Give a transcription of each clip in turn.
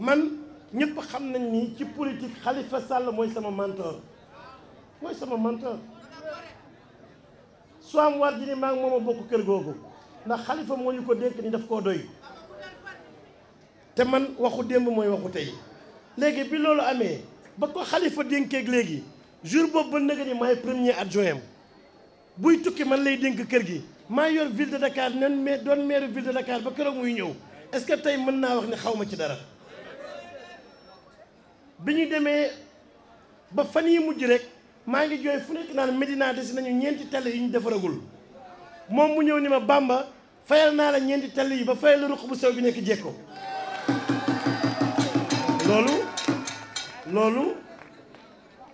man ñëpp xam nañ ni ci politique xalifa Sall mooy sama mentor mooy sama mentor soo am war ji ni maa ngi moom a bokk kër googu ndax Khalifa moo ñu ko dénk ni daf koo doy te man waxu démb mooy waxu tey léegi bi loolu amee ba ko Khalifa dénkeeg léegi jour boobu ba nëgë ni maay premier adjoint am buy tukki man lay dénk kër gi maa yor ville de Dakar nan mais doon maire ville de Dakar ba keroog muy ñëw est-ce que tey mën naa wax ni xaw ma ci dara bi ñu demee ba fan yi mujj rek maa ngi jooy fu nekk naan Medina des nañu ñeenti tali yi ñu defaragul moom mu ñëw ni ma bàmba fayal naa la ñeenti tali yi ba fayal la ruq bu sew bi nekk jekko loolu loolu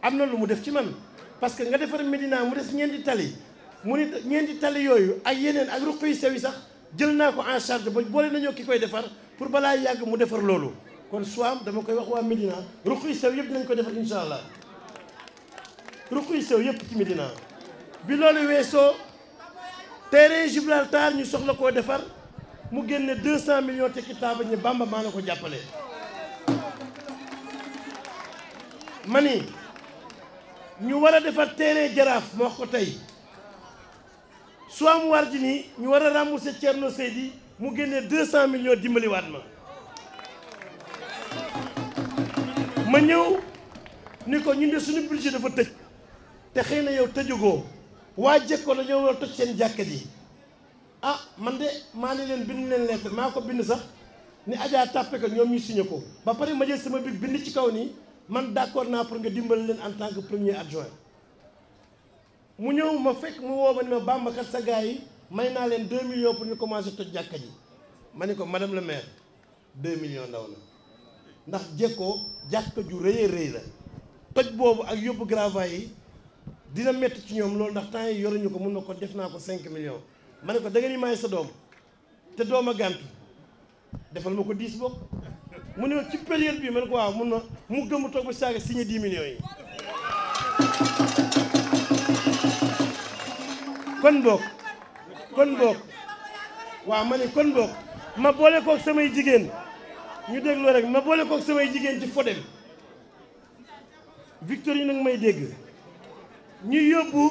am na lu mu def ci man parce que nga defar Medina mu des ñeenti tali mu ni ñeenti tali yooyu ak yeneen ak ruq yu sew yi sax jël naa ko en charge ba boole nañoo ki koy defar pour balaa yàgg mu defar loolu kon soam dama koy wax waa Médina ruq yu sew yëpp dinañ ko defar incha allah ruq yu sew yëpp ci medina bi loolu weesoo terrain Gibraltar ñu soxla koo defar mu génne 200 millions tekki taaba ñi Bamba maa na ko jàppale. ma ni ñu war a defar terrain jaraaf moo ko tey Soham Wardini ñu war a rembourser Thierno Seydi mu génne 200 millions dimbaliwaat ma. ma ñëw ni ko ñun de suñu budget dafa tëj te xëy na yow tëjugoo waa Jekko la war a toj seen jàkka ji ah man de maa ni leen bind leen lettre maa ko bind sax ni ajaa tàppe ko ñoom ñu signé ko ba pare ma jël sama bic bind ci kaw nii man d'accord naa pour nga dimbali leen en tant que premier adjoint mu ñëw ma fekk mu woo ma ni ma bàmbakat sa gars yi may naa leen deux millions pour ñu commencer toj jàkka ji ma ne ko madame le maire deux millions ndaw na ndax jekkoo jàkka ju rëyee rëy la toj boobu ak yóbbu gravats yi dina métti ci ñoom loolu ndax temps yi yoruñu ko mun na ko def naa ko cinq millions ma ne ko da nga ni sa doom te doom a gàntu defal ma ko dix bokk mu ne ma ci ma ne ko waaw mun na mu gëm toog ba saaga signé dix millions yi kon boog kon boog waaw ma ne kon boog ma boole koog samay jigéen ñu déglu rek ma bolé ko ak samay jigéen ci fode bi victoire yi may dégg ñu yobbu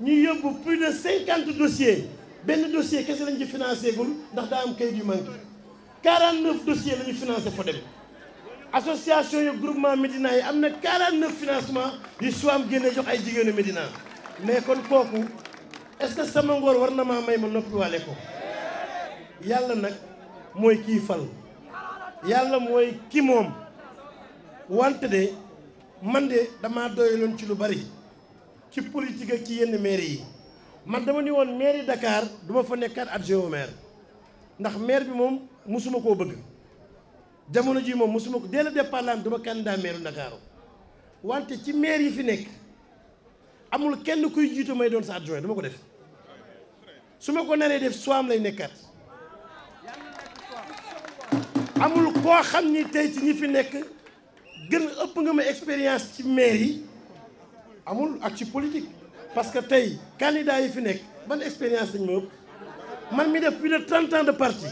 ñu yobbu plus de 50 dossiers benn dossier kese lañ ci financé gul ndax da am kayit du manqué 49 dossiers lañu ñu financé fode association yu groupement medina yi amna 49 financement yu soam guéné jox ay jigéenu medina mais kon kooku est-ce que sama ngor war na maa may ma walé ko yalla nak moy ki fal yàlla mooy kii moom wante de man de damaa doyaloon ci lu bari ci politique ak ci yenn maire yi man dama ni woon mairie dakaar du ma fa nekkaat adjoint au ndax maire bi moom mosuma koo bëgg jamono ji moom mosuma ko dès le départ du ma candidat maire Dakar wante ci maire yi fi nekk amul kenn kuy jiitu may doon sa adjoint du ko def su ma ko naree def su am lay nekkaat. amul ko xamni tay ci ñi fi nek gën ëpp nga ma expérience ci maire yi amul ak ci politique parce que tay candidat yi fi nek ban expérience lañ ma ëpp man mi def plus de 30 ans de parti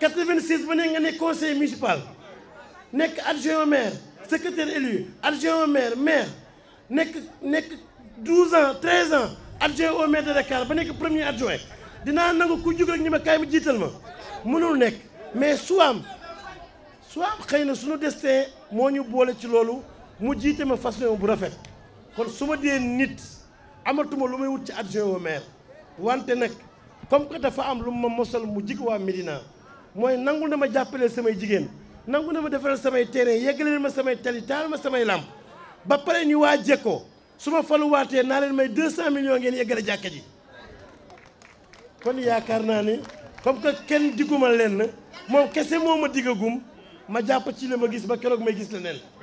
quatre-vingt-six ne nga ne conseil municipal nek adjoint au maire secrétaire élu adjoint au maire maire nek nek 12 ans 13 ans adjoint au maire de Dakar ba nek premier adjoint dina nangu ku jóg rek ñi ma kaay ma mënul nek mais su su am xëy na suñu destin moo ñu boole ci loolu mu jiite ma façon bu rafet kon su ma dee nit amatuma lu may wut ci adjoint au maire wante nag comme que dafa am lu ma mosal mu jig waa Médina mooy nangu na ma jàppale samay jigéen nangu na ma defaral samay terrain yeggaleel ma samay tali taal ma samay làmp ba pare ñu waa jekko su ma faluwaatee naa leen may deux cent millions ngeen yeggale jàkka kon yaakaar naa ne comme que kenn digguma leen moom kese moom ma diggagum ma jàpp ci li ma gis ba keroog may gis leneen